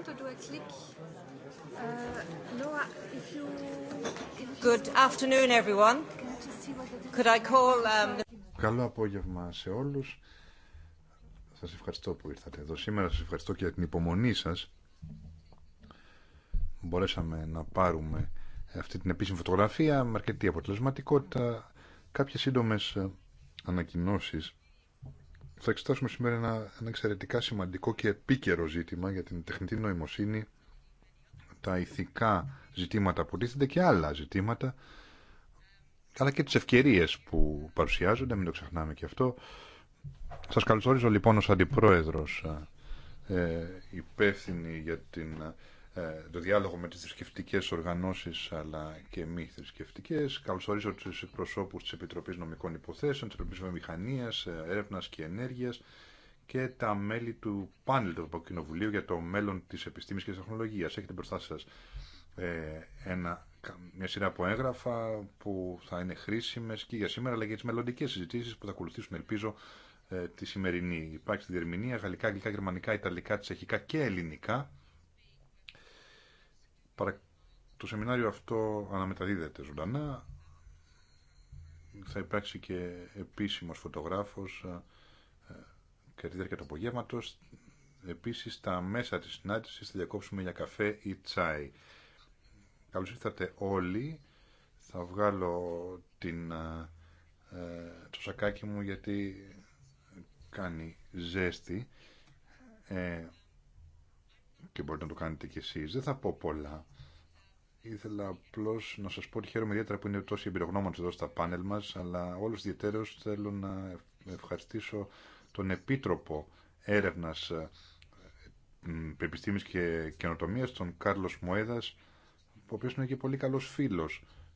Äh, Good afternoon, everyone. Could I call? Um, Καλό απόγευμα σε όλους. Σας ευχαριστώ που ήρθατε εδώ σήμερα. Σας ευχαριστώ και για την υπομονή σας. Μπορέσαμε να πάρουμε αυτή την επίσημη φωτογραφία με αρκετή αποτελεσματικότητα. Κάποιες σύντομες ε, ανακοινώσεις θα εξετάσουμε σήμερα ένα, ένα εξαιρετικά σημαντικό και επίκαιρο ζήτημα για την τεχνητή νοημοσύνη, τα ηθικά ζητήματα που τίθενται και άλλα ζητήματα, αλλά και τις ευκαιρίες που παρουσιάζονται, μην το ξεχνάμε και αυτό. Σας καλωσορίζω λοιπόν ως αντιπρόεδρος ε, υπεύθυνη για την ε, το διάλογο με τις θρησκευτικέ οργανώσεις αλλά και μη θρησκευτικέ. Καλωσορίζω τους εκπροσώπους της Επιτροπής Νομικών Υποθέσεων, της Επιτροπής Βιομηχανίας, ε, Έρευνας και Ενέργειας και τα μέλη του πάνελ του Ευρωπαϊκού Κοινοβουλίου για το μέλλον της επιστήμης και της τεχνολογίας. Έχετε μπροστά σας ε, ένα, μια σειρά από έγγραφα που θα είναι χρήσιμες και για σήμερα αλλά και για τις μελλοντικές συζητήσεις που θα ακολουθήσουν ελπίζω τη σημερινή. Υπάρχει στη διερμηνία γαλλικά, αγγλικά, γερμανικά, ιταλικά, τσεχικά και ελληνικά το σεμινάριο αυτό αναμεταδίδεται ζωντανά. Θα υπάρξει και επίσημος φωτογράφος ε, ε, κατά τη διάρκεια του απογεύματος. Επίσης, στα μέσα της συνάντησης θα διακόψουμε για καφέ ή τσάι. Καλώς ήρθατε όλοι. Θα βγάλω την, ε, το σακάκι μου γιατί κάνει ζέστη και μπορείτε να το κάνετε κι εσείς. Δεν θα πω πολλά. Ήθελα απλώ να σα πω ότι χαίρομαι ιδιαίτερα που είναι τόσοι εμπειρογνώμονε εδώ στα πάνελ μα, αλλά όλου ιδιαίτερω θέλω να ευχαριστήσω τον Επίτροπο Έρευνα ε, Επιστήμη και Καινοτομία, τον Κάρλο Μοέδα, ο οποίο είναι και πολύ καλό φίλο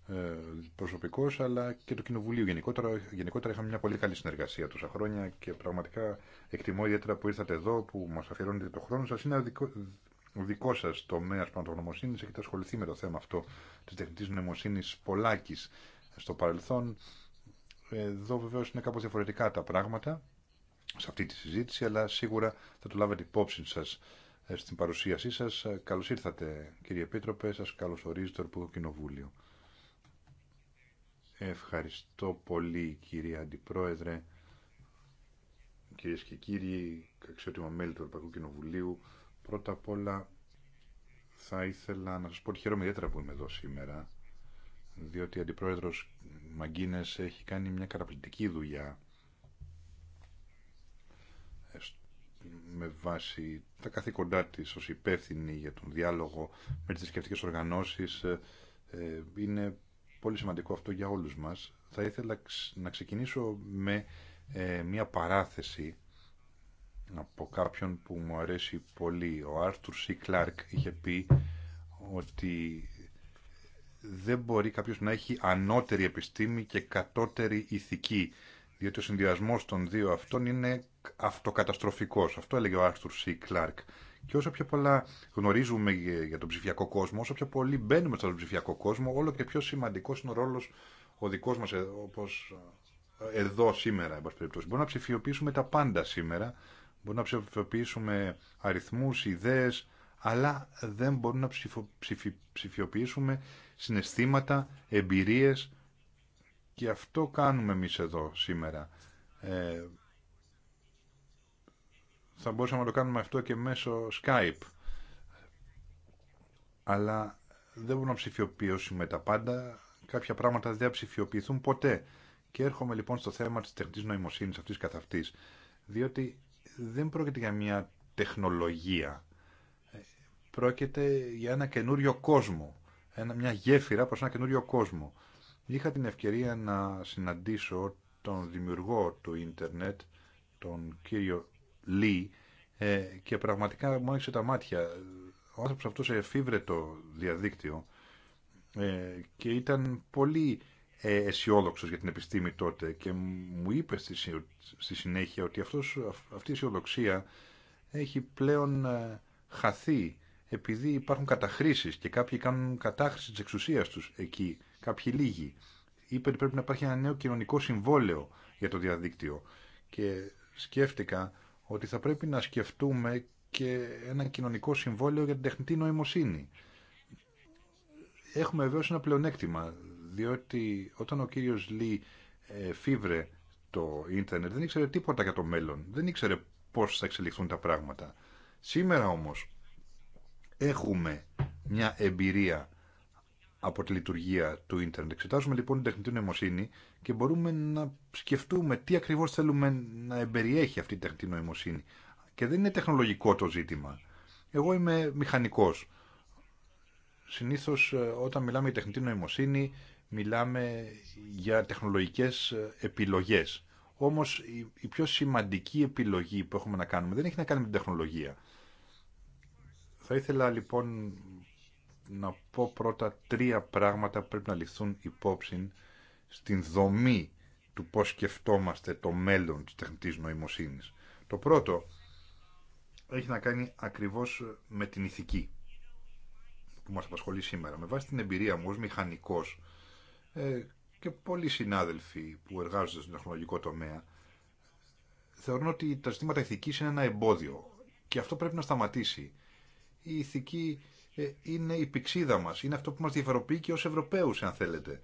ε, προσωπικό, αλλά και του Κοινοβουλίου. Γενικότερα, γενικότερα είχαμε μια πολύ καλή συνεργασία τόσα χρόνια και πραγματικά εκτιμώ ιδιαίτερα που ήρθατε εδώ, που μα αφιερώνετε το χρόνο σα. Είναι ο δικό σα τομέα πραγματογνωμοσύνη έχετε ασχοληθεί με το θέμα αυτό τη τεχνητή νοημοσύνη πολλάκι στο παρελθόν. Εδώ βεβαίω είναι κάπω διαφορετικά τα πράγματα σε αυτή τη συζήτηση, αλλά σίγουρα θα το λάβετε υπόψη σα ε, στην παρουσίασή σα. Καλώ ήρθατε κύριε Επίτροπε, σα καλωσορίζει το Ευρωπαϊκό Κοινοβούλιο. Ευχαριστώ πολύ κύριε Αντιπρόεδρε, κύριε και κύριοι, αξιότιμα μέλη του Ευρωπαϊκού Κοινοβουλίου. Πρώτα απ' όλα θα ήθελα να σας πω ότι χαίρομαι ιδιαίτερα που είμαι εδώ σήμερα διότι ο Αντιπρόεδρος Μαγκίνες έχει κάνει μια καταπληκτική δουλειά με βάση τα καθήκοντά της ως υπεύθυνη για τον διάλογο με τις θρησκευτικές οργανώσεις ε, ε, είναι πολύ σημαντικό αυτό για όλους μας. Θα ήθελα να ξεκινήσω με ε, μια παράθεση από κάποιον που μου αρέσει πολύ. Ο Άρτουρ Σι Κλάρκ είχε πει ότι δεν μπορεί κάποιος να έχει ανώτερη επιστήμη και κατώτερη ηθική, διότι ο συνδυασμός των δύο αυτών είναι αυτοκαταστροφικός. Αυτό έλεγε ο Άρθουρ Σι Κλάρκ. Και όσο πιο πολλά γνωρίζουμε για τον ψηφιακό κόσμο, όσο πιο πολύ μπαίνουμε στον ψηφιακό κόσμο, όλο και πιο σημαντικός είναι ο ρόλος ο δικός μας, ε, όπως ε, εδώ σήμερα, εν πάση Μπορούμε να ψηφιοποιήσουμε τα πάντα σήμερα, Μπορούμε να ψηφιοποιήσουμε αριθμούς, ιδέες, αλλά δεν μπορούμε να ψηφιοποιήσουμε συναισθήματα, εμπειρίες και αυτό κάνουμε εμείς εδώ σήμερα. Ε, θα μπορούσαμε να το κάνουμε αυτό και μέσω Skype. Αλλά δεν μπορούμε να ψηφιοποιήσουμε τα πάντα. Κάποια πράγματα δεν ψηφιοποιηθούν ποτέ. Και έρχομαι λοιπόν στο θέμα της τεχνητής νοημοσύνης αυτής καθ' αυτής. Διότι δεν πρόκειται για μια τεχνολογία. Ε, πρόκειται για ένα καινούριο κόσμο. Ένα, μια γέφυρα προς ένα καινούριο κόσμο. Είχα την ευκαιρία να συναντήσω τον δημιουργό του ίντερνετ, τον κύριο Λί, ε, και πραγματικά μου άνοιξε τα μάτια. Ο άνθρωπος αυτός εφήβρε το διαδίκτυο ε, και ήταν πολύ ε, αισιόδοξο για την επιστήμη τότε και μου είπε στη, συνέχεια ότι αυτός, αυτή η αισιοδοξία έχει πλέον ε, χαθεί επειδή υπάρχουν καταχρήσεις και κάποιοι κάνουν κατάχρηση της εξουσίας τους εκεί, κάποιοι λίγοι. Είπε ότι πρέπει να υπάρχει ένα νέο κοινωνικό συμβόλαιο για το διαδίκτυο και σκέφτηκα ότι θα πρέπει να σκεφτούμε και ένα κοινωνικό συμβόλαιο για την τεχνητή νοημοσύνη. Έχουμε βέβαια ένα πλεονέκτημα διότι όταν ο κύριος Λί ε, φίβρε το ίντερνετ δεν ήξερε τίποτα για το μέλλον, δεν ήξερε πώς θα εξελιχθούν τα πράγματα. Σήμερα όμως έχουμε μια εμπειρία από τη λειτουργία του ίντερνετ. Εξετάζουμε λοιπόν την τεχνητή νοημοσύνη και μπορούμε να σκεφτούμε τι ακριβώς θέλουμε να εμπεριέχει αυτή η τεχνητή νοημοσύνη. Και δεν είναι τεχνολογικό το ζήτημα. Εγώ είμαι μηχανικός. Συνήθως ε, όταν μιλάμε για τεχνητή νοημοσύνη μιλάμε για τεχνολογικές επιλογές. Όμως η πιο σημαντική επιλογή που έχουμε να κάνουμε δεν έχει να κάνει με την τεχνολογία. Θα ήθελα λοιπόν να πω πρώτα τρία πράγματα που πρέπει να ληφθούν υπόψη στην δομή του πώς σκεφτόμαστε το μέλλον της τεχνητής νοημοσύνης. Το πρώτο έχει να κάνει ακριβώς με την ηθική που μας απασχολεί σήμερα. Με βάση την εμπειρία μου ως μηχανικός ε, και πολλοί συνάδελφοι που εργάζονται στον τεχνολογικό τομέα θεωρούν ότι τα ζητήματα ηθικής είναι ένα εμπόδιο και αυτό πρέπει να σταματήσει. Η ηθική ε, είναι η πηξίδα μας, είναι αυτό που μας διαφοροποιεί και ως Ευρωπαίους, αν θέλετε.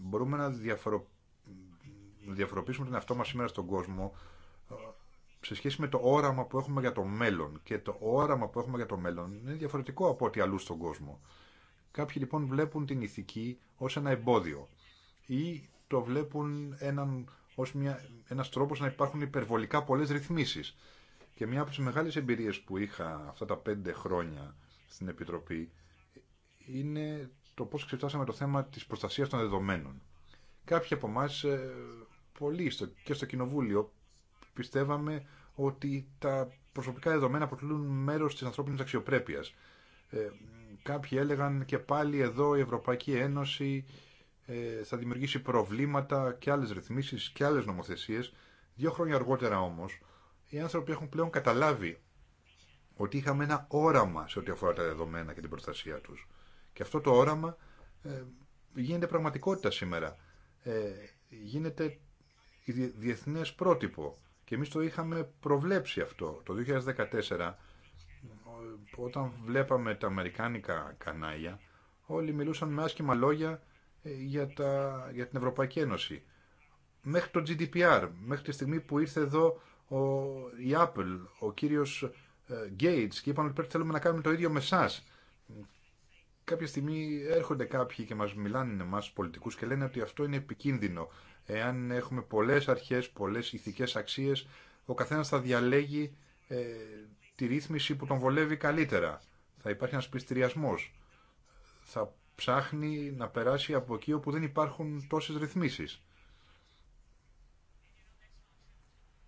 Μπορούμε να διαφορο... διαφοροποιήσουμε τον εαυτό μας σήμερα στον κόσμο ε, σε σχέση με το όραμα που έχουμε για το μέλλον. Και το όραμα που έχουμε για το μέλλον είναι διαφορετικό από ό,τι αλλού στον κόσμο. Κάποιοι λοιπόν βλέπουν την ηθική ως ένα εμπόδιο ή το βλέπουν έναν, ως μια, ένας τρόπος να υπάρχουν υπερβολικά πολλές ρυθμίσεις. Και μια από τις μεγάλες εμπειρίες που είχα αυτά τα πέντε χρόνια στην Επιτροπή είναι το πώς ξεφτάσαμε το θέμα της προστασίας των δεδομένων. Κάποιοι από εμά, ε, πολλοί και στο Κοινοβούλιο, πιστεύαμε ότι τα προσωπικά δεδομένα αποτελούν μέρος της ανθρώπινης αξιοπρέπειας ε, κάποιοι έλεγαν και πάλι εδώ η Ευρωπαϊκή Ένωση ε, θα δημιουργήσει προβλήματα και άλλες ρυθμίσεις και άλλες νομοθεσίες. Δύο χρόνια αργότερα όμως οι άνθρωποι έχουν πλέον καταλάβει ότι είχαμε ένα όραμα σε ό,τι αφορά τα δεδομένα και την προστασία τους. Και αυτό το όραμα ε, γίνεται πραγματικότητα σήμερα. Ε, γίνεται διεθνές πρότυπο. Και εμείς το είχαμε προβλέψει αυτό το 2014 όταν βλέπαμε τα αμερικάνικα κανάλια, όλοι μιλούσαν με άσχημα λόγια ε, για, τα, για την Ευρωπαϊκή Ένωση. Μέχρι το GDPR, μέχρι τη στιγμή που ήρθε εδώ ο, η Apple, ο κύριος ε, Gates και είπαν ότι θέλουμε να κάνουμε το ίδιο με εσά. Κάποια στιγμή έρχονται κάποιοι και μας μιλάνε εμάς πολιτικούς και λένε ότι αυτό είναι επικίνδυνο. Εάν έχουμε πολλές αρχές, πολλές ηθικές αξίες, ο καθένας θα διαλέγει ε, τη ρύθμιση που τον βολεύει καλύτερα. Θα υπάρχει ένας πληστηριασμός. Θα ψάχνει να περάσει από εκεί όπου δεν υπάρχουν τόσες ρυθμίσεις.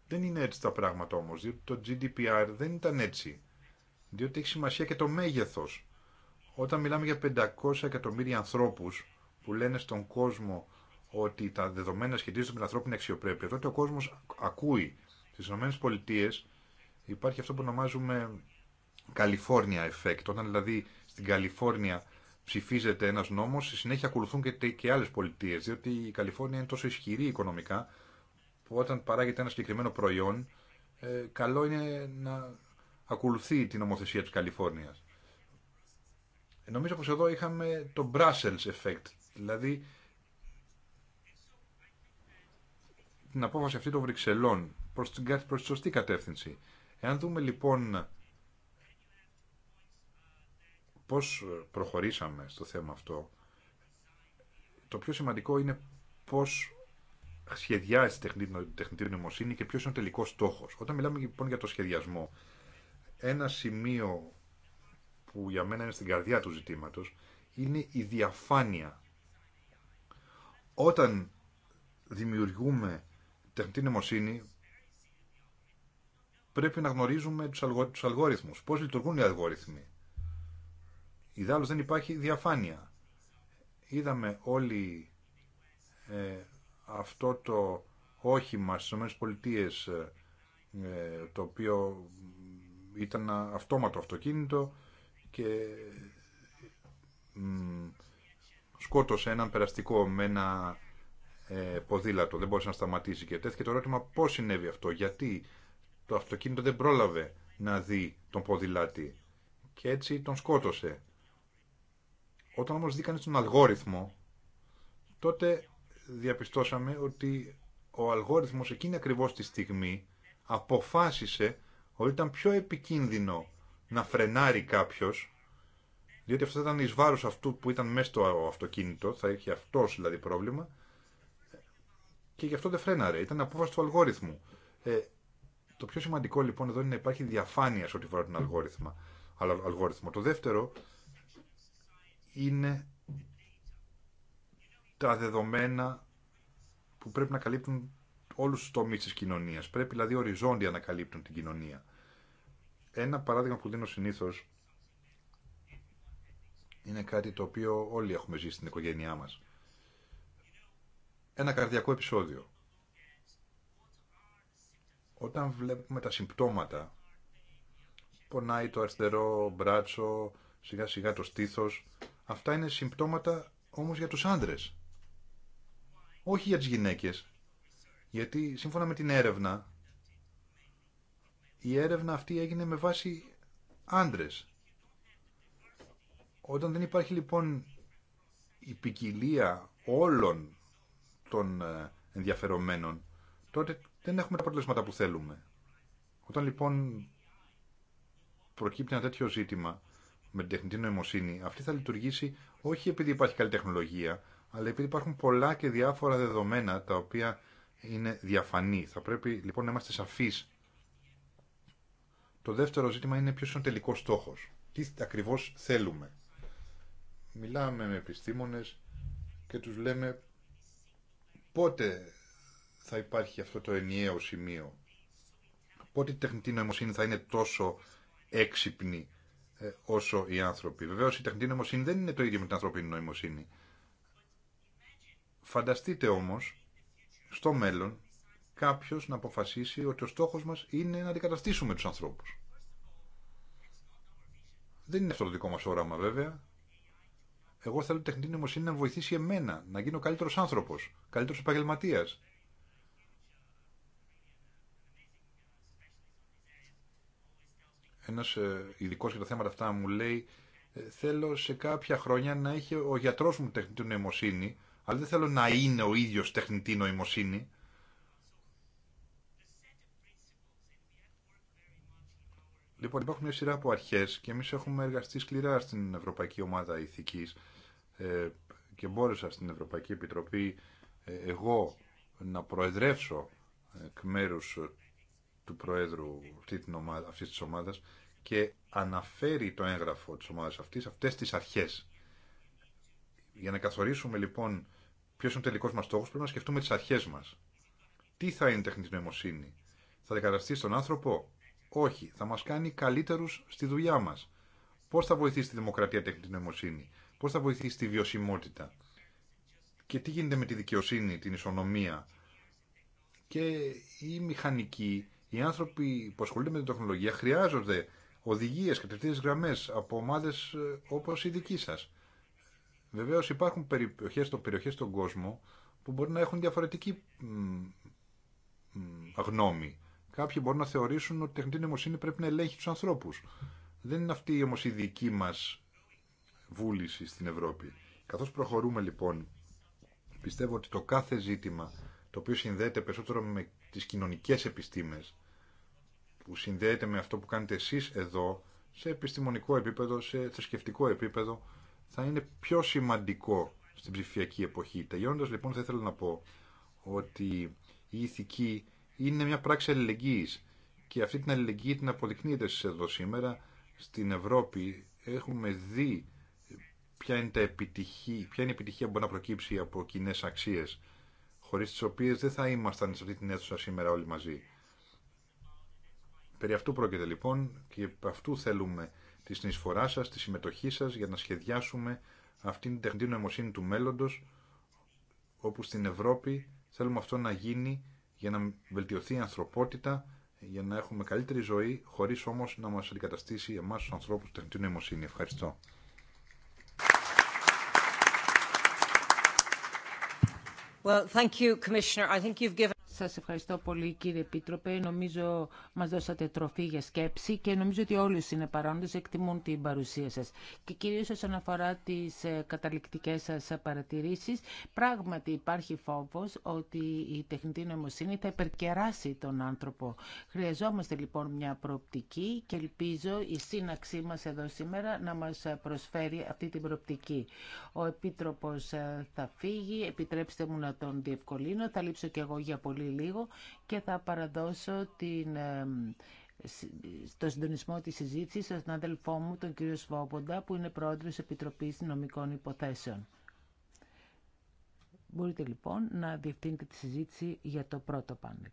Δεν είναι έτσι τα πράγματα όμως, διότι το GDPR δεν ήταν έτσι. Διότι έχει σημασία και το μέγεθος. Όταν μιλάμε για 500 εκατομμύρια ανθρώπους που λένε στον κόσμο ότι τα δεδομένα σχετίζονται με την ανθρώπινη αξιοπρέπεια, τότε ο κόσμος ακούει. Στις ΗΠΑ υπάρχει αυτό που ονομάζουμε California effect. Όταν δηλαδή στην Καλιφόρνια ψηφίζεται ένα νόμο στη συνέχεια ακολουθούν και, και άλλες πολιτείες, διότι η Καλιφόρνια είναι τόσο ισχυρή οικονομικά, που όταν παράγεται ένα συγκεκριμένο προϊόν, ε, καλό είναι να ακολουθεί την νομοθεσία της Καλιφόρνιας. Νομίζω πως εδώ είχαμε το Brussels effect, δηλαδή την απόφαση αυτή των Βρυξελών προς την προς τη σωστή κατεύθυνση. Εάν δούμε λοιπόν πώς προχωρήσαμε στο θέμα αυτό, το πιο σημαντικό είναι πώς σχεδιάζει την τεχνητή νοημοσύνη και ποιος είναι ο τελικό στόχο. Όταν μιλάμε λοιπόν για το σχεδιασμό, ένα σημείο που για μένα είναι στην καρδιά του ζητήματος είναι η διαφάνεια. Όταν δημιουργούμε τεχνητή νοημοσύνη, πρέπει να γνωρίζουμε τους, αλγο, αλγόριθμους, πώς λειτουργούν οι αλγόριθμοι. Ιδάλλως δεν υπάρχει διαφάνεια. Είδαμε όλοι ε, αυτό το όχημα στις ΗΠΑ ε, το οποίο ήταν αυτόματο αυτοκίνητο και σκότωσε έναν περαστικό με ένα ε, ποδήλατο, δεν μπορούσε να σταματήσει και τέθηκε το ερώτημα πώς συνέβη αυτό, γιατί το αυτοκίνητο δεν πρόλαβε να δει τον ποδηλάτη και έτσι τον σκότωσε. Όταν όμως δήκανε τον αλγόριθμο, τότε διαπιστώσαμε ότι ο αλγόριθμος εκείνη ακριβώς τη στιγμή αποφάσισε ότι ήταν πιο επικίνδυνο να φρενάρει κάποιος, διότι αυτό ήταν εις βάρος αυτού που ήταν μέσα στο αυτοκίνητο, θα είχε αυτός δηλαδή πρόβλημα, και γι' αυτό δεν φρέναρε. Ήταν απόφαση του αλγόριθμου. Ε, το πιο σημαντικό λοιπόν εδώ είναι να υπάρχει διαφάνεια σε ό,τι φορά τον αλγόριθμα. αλγόριθμο. Το δεύτερο είναι τα δεδομένα που πρέπει να καλύπτουν όλου του τομεί τη κοινωνία. Πρέπει δηλαδή οριζόντια να καλύπτουν την κοινωνία. Ένα παράδειγμα που δίνω συνήθω είναι κάτι το οποίο όλοι έχουμε ζήσει στην οικογένειά μα. Ένα καρδιακό επεισόδιο. Όταν βλέπουμε τα συμπτώματα, πονάει το αριστερό μπράτσο, σιγά σιγά το στήθος, αυτά είναι συμπτώματα όμως για τους άντρες. Όχι για τις γυναίκες. Γιατί σύμφωνα με την έρευνα, η έρευνα αυτή έγινε με βάση άντρες. Όταν δεν υπάρχει λοιπόν η ποικιλία όλων των ε, ενδιαφερομένων, τότε δεν έχουμε τα αποτελέσματα που θέλουμε. Όταν λοιπόν προκύπτει ένα τέτοιο ζήτημα με την τεχνητή νοημοσύνη, αυτή θα λειτουργήσει όχι επειδή υπάρχει καλή τεχνολογία, αλλά επειδή υπάρχουν πολλά και διάφορα δεδομένα τα οποία είναι διαφανή. Θα πρέπει λοιπόν να είμαστε σαφείς. Το δεύτερο ζήτημα είναι ποιο είναι ο τελικός στόχος. Τι ακριβώ θέλουμε. Μιλάμε με επιστήμονε και του λέμε πότε θα υπάρχει αυτό το ενιαίο σημείο. Πότε η τεχνητή νοημοσύνη θα είναι τόσο έξυπνη ε, όσο οι άνθρωποι. Βεβαίω η τεχνητή νοημοσύνη δεν είναι το ίδιο με την ανθρωπίνη νοημοσύνη. Φανταστείτε όμως στο μέλλον κάποιο να αποφασίσει ότι ο στόχος μας είναι να αντικαταστήσουμε τους ανθρώπους. Δεν είναι αυτό το δικό μα όραμα βέβαια. Εγώ θέλω η τεχνητή νοημοσύνη να βοηθήσει εμένα, να γίνω καλύτερο άνθρωπο, καλύτερο επαγγελματία. Ένα ε, ειδικό για τα θέματα αυτά μου λέει ε, θέλω σε κάποια χρόνια να έχει ο γιατρός μου τεχνητή νοημοσύνη αλλά δεν θέλω να είναι ο ίδιος τεχνητή νοημοσύνη. Λοιπόν, υπάρχουν μια σειρά από αρχές και εμείς έχουμε εργαστεί σκληρά στην Ευρωπαϊκή Ομάδα Ηθικής ε, και μπόρεσα στην Ευρωπαϊκή Επιτροπή εγώ να προεδρεύσω εκ μέρου του Προέδρου αυτή της, ομάδα, αυτής της ομάδας και αναφέρει το έγγραφο της ομάδας αυτής αυτές τις αρχές. Για να καθορίσουμε λοιπόν ποιο είναι ο τελικός μας στόχος πρέπει να σκεφτούμε τις αρχές μας. Τι θα είναι η τεχνητή νοημοσύνη. Θα δεκαταστεί στον άνθρωπο. Όχι. Θα μας κάνει καλύτερους στη δουλειά μας. Πώς θα βοηθήσει τη δημοκρατία τεχνητή νοημοσύνη. Πώς θα βοηθήσει τη βιωσιμότητα. Και τι γίνεται με τη δικαιοσύνη, την ισονομία. Και η μηχανική οι άνθρωποι που ασχολούνται με την τεχνολογία χρειάζονται οδηγίε, κατευθείαν γραμμέ από ομάδε ε, όπω η δική σα. Βεβαίω υπάρχουν περιοχέ στο, περιοχές στον κόσμο που μπορεί να έχουν διαφορετική μ, μ, γνώμη. Κάποιοι μπορούν να θεωρήσουν ότι η τεχνητή νοημοσύνη πρέπει να ελέγχει του ανθρώπου. Δεν είναι αυτή όμω η δική μα βούληση στην Ευρώπη. Καθώς προχωρούμε λοιπόν, πιστεύω ότι το κάθε ζήτημα το οποίο συνδέεται περισσότερο με τις κοινωνικές επιστήμες που συνδέεται με αυτό που κάνετε εσείς εδώ, σε επιστημονικό επίπεδο, σε θρησκευτικό επίπεδο, θα είναι πιο σημαντικό στην ψηφιακή εποχή. Τελειώνοντας λοιπόν θα ήθελα να πω ότι η ηθική είναι μια πράξη αλληλεγγύης και αυτή την αλληλεγγύη την αποδεικνύεται εσείς εδώ σήμερα. Στην Ευρώπη έχουμε δει ποια είναι, τα επιτυχή, ποια είναι η επιτυχία που μπορεί να προκύψει από κοινέ αξίες χωρίς τις οποίες δεν θα ήμασταν σε αυτή την αίθουσα σήμερα όλοι μαζί. Περί αυτού πρόκειται λοιπόν και αυτού θέλουμε τη συνεισφορά σας, τη συμμετοχή σας για να σχεδιάσουμε αυτήν την τεχνητή νοημοσύνη του μέλλοντος όπου στην Ευρώπη θέλουμε αυτό να γίνει για να βελτιωθεί η ανθρωπότητα, για να έχουμε καλύτερη ζωή, χωρίς όμως να μας αντικαταστήσει εμάς τους ανθρώπους την τεχνητή νοημοσύνη. Ευχαριστώ. Well, thank you, Commissioner. I think you've σας ευχαριστώ πολύ κύριε Επίτροπε. Νομίζω μας δώσατε τροφή για σκέψη και νομίζω ότι όλοι οι συνεπαρόντες εκτιμούν την παρουσία σας. Και κυρίως όσον αφορά τις ε, καταληκτικές σας παρατηρήσεις, πράγματι υπάρχει φόβος ότι η τεχνητή νοημοσύνη θα υπερκεράσει τον άνθρωπο. Χρειαζόμαστε λοιπόν μια προοπτική και ελπίζω η σύναξή μας εδώ σήμερα να μας προσφέρει αυτή την προοπτική. Ο Επίτροπος ε, θα φύγει, επιτρέψτε μου να τον διευκολύνω, θα λείψω και εγώ για πολύ λίγο και θα παραδώσω την, συντονισμό της συζήτησης στον αδελφό μου, τον κύριο Σβόποντα, που είναι πρόεδρος Επιτροπής Νομικών Υποθέσεων. Μπορείτε λοιπόν να διευθύνετε τη συζήτηση για το πρώτο πάνελ.